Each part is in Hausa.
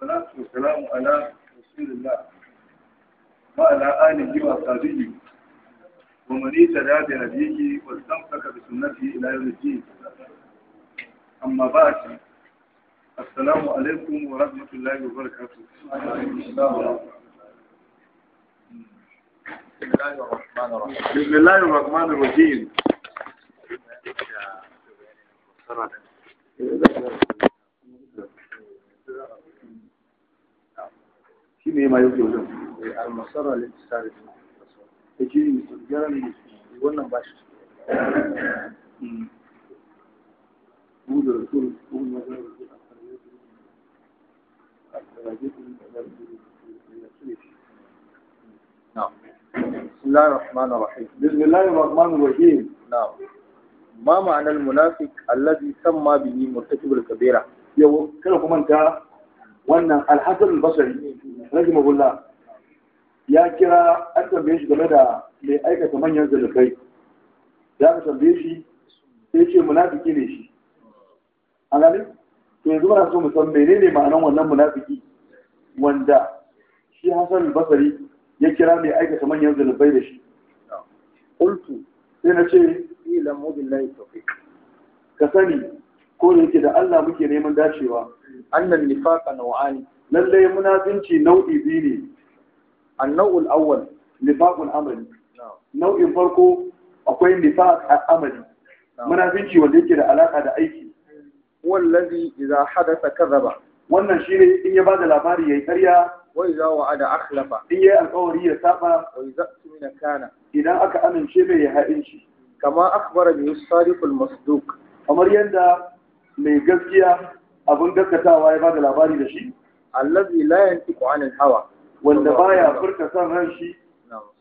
salatu wa salamu ala rasulillah wa ala alihi wa sahbihi wa man ittaba bi hadihi wa istamsaka bi sunnati ila yawm al-din amma ba'd assalamu alaykum wa rahmatullahi wa barakatuh بسم الله الرحمن الرحيم بسم الله الرحمن ma yau ke wajen eh, ya almasara lintisa eh, hmm. da jini yau da kuma da zai wannan alhassan Basari, rage magulla ya kira an tambaye shi game da mai aikata manyan zalukai ya ka tambaye shi sai ce munafiki ne shi a gani to yanzu muna so mu san menene ma'anan wannan munafiki wanda shi hassan Basari ya kira mai aikata manyan zalukai da shi qultu sai na ce ilan mobin tawfiq ka sani ko da yake da Allah muke neman dacewa annan nifaqa nau'ani Lallai munafinci nau'i biyu ne annau'ul awwal nifaqul amali nau'in farko akwai nifaq al-amali munafinci wanda yake da alaka da aiki wallazi idza hadatha kadhaba wannan shine in ya bada labari yayi ƙarya wa idza wa'ada akhlafa in yayi alƙawari ya saba wa idza tumina kana idan aka amince bai ya haɗin shi kama akhbara bi sadiqul masduq kamar yanda mai gaskiya abin gaskatawa ya bada labari da shi allazi la yantiqu anil hawa wanda baya furta san ran shi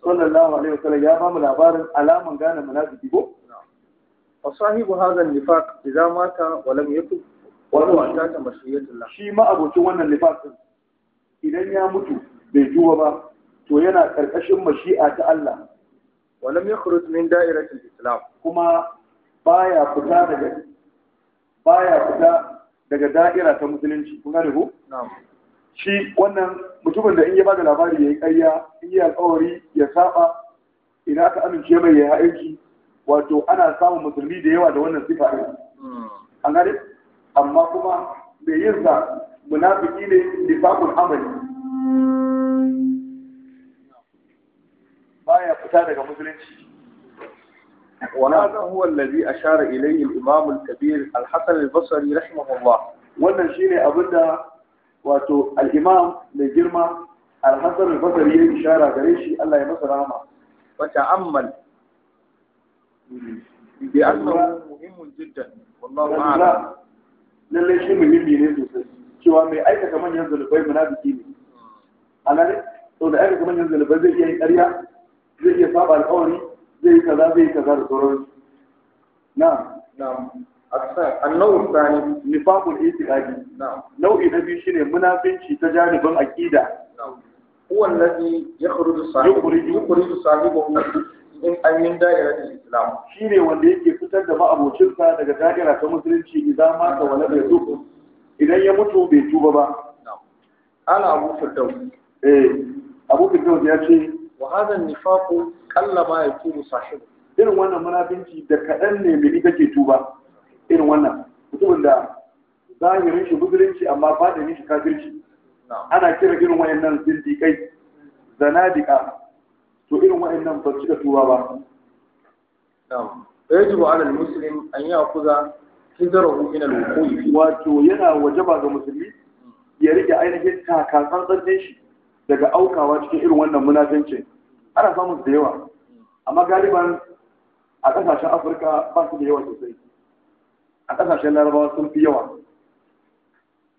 sallallahu alaihi wasallam ya ba mu labarin alaman gane munafiki ko wa sahibu hadha an-nifaq idza mata wa lam yakun wa huwa tata mashiyatullah shi ma abocin wannan nifaq idan ya mutu bai juwa ba to yana karkashin mashi'a ta Allah wa lam yakhruj min da'iratil islam kuma baya fita daga baya fita daga da'ira ta musulunci kun gane shi wannan mutumin da in ya bada labari ya yi ƙarya in yi alƙawari ya saba idan aka amince mai ya aiki wato ana samun musulmi da yawa da wannan sifa ne hmm. an gane amma kuma mai yin sa munafiki ne nifaqul amali baya fita daga musulunci وهذا هو الذي أشار إليه الإمام الكبير الحسن البصري رحمه الله wannan shine abinda wato al-imam mai girma Alhassan hasan al-basri ya ishara gare shi Allah ya masa rahama wa ta'ammal bi annahu muhimmun jiddan wallahu a'lam lalle shi muhimmi ne sosai cewa mai aikata manyan zulubai munafiki ne ana ne to da aikata manyan zulubai zai iya yin ƙarya zai iya saba alƙawari zai kaza zai kaza da sauran na na annau tsani nifaqul itiqadi na nau'i na biyu shine munafinci ta janibin aqida huwa allazi yakhruju sahibi yakhruju sahibi in an min da'iratul islam shine wanda yake fitar da ma'abocinsa daga da'ira ta musulunci idan ma ta wala bai idan ya mutu bai tuba ba ana abu firdaus eh abu firdaus ya ce wa hadha nifaqu qalla ma yatubu sahibu irin wannan munafinci da kaɗan ne mai ita ke tuba irin wannan mutumin da zahirin shi musulunci amma ba da shi kafirci ana kira irin wayannan zindiƙai zanadika to irin wayannan ba su da tuba ba yaji wa alal muslim an yi akuza hijarahu min al wato yana wajaba ga musulmi ya rike ainihin takasan tsannin shi daga aukawa cikin irin wannan munafincin ana samun da yawa amma galiban a ƙasashen afirka ba su da yawa sosai a ƙasashen larabawa sun fi yawa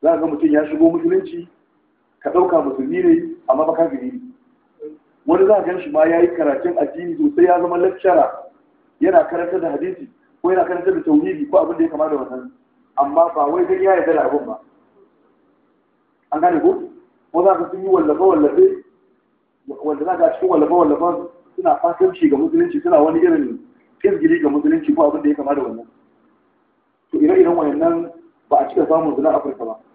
za ga mutum ya shigo musulunci ka ɗauka musulmi ne amma ba kafiri ne wani za a gan shi ma ya yi karatun addini sosai ya zama lakcara yana karantar da hadisi ko yana karantar da tauhidi ko abin da ya kama da wannan amma ba wai zai ya yarda da abin ba an gane ko ko za sun yi wallafe-wallafe wanda za ka cikin wallafe wallafa suna fatanci ga musulunci suna wani irin kirgiri ga musulunci ko abin da ya kama da wannan to ire-iren wayannan ba a cika samun zina afirka ba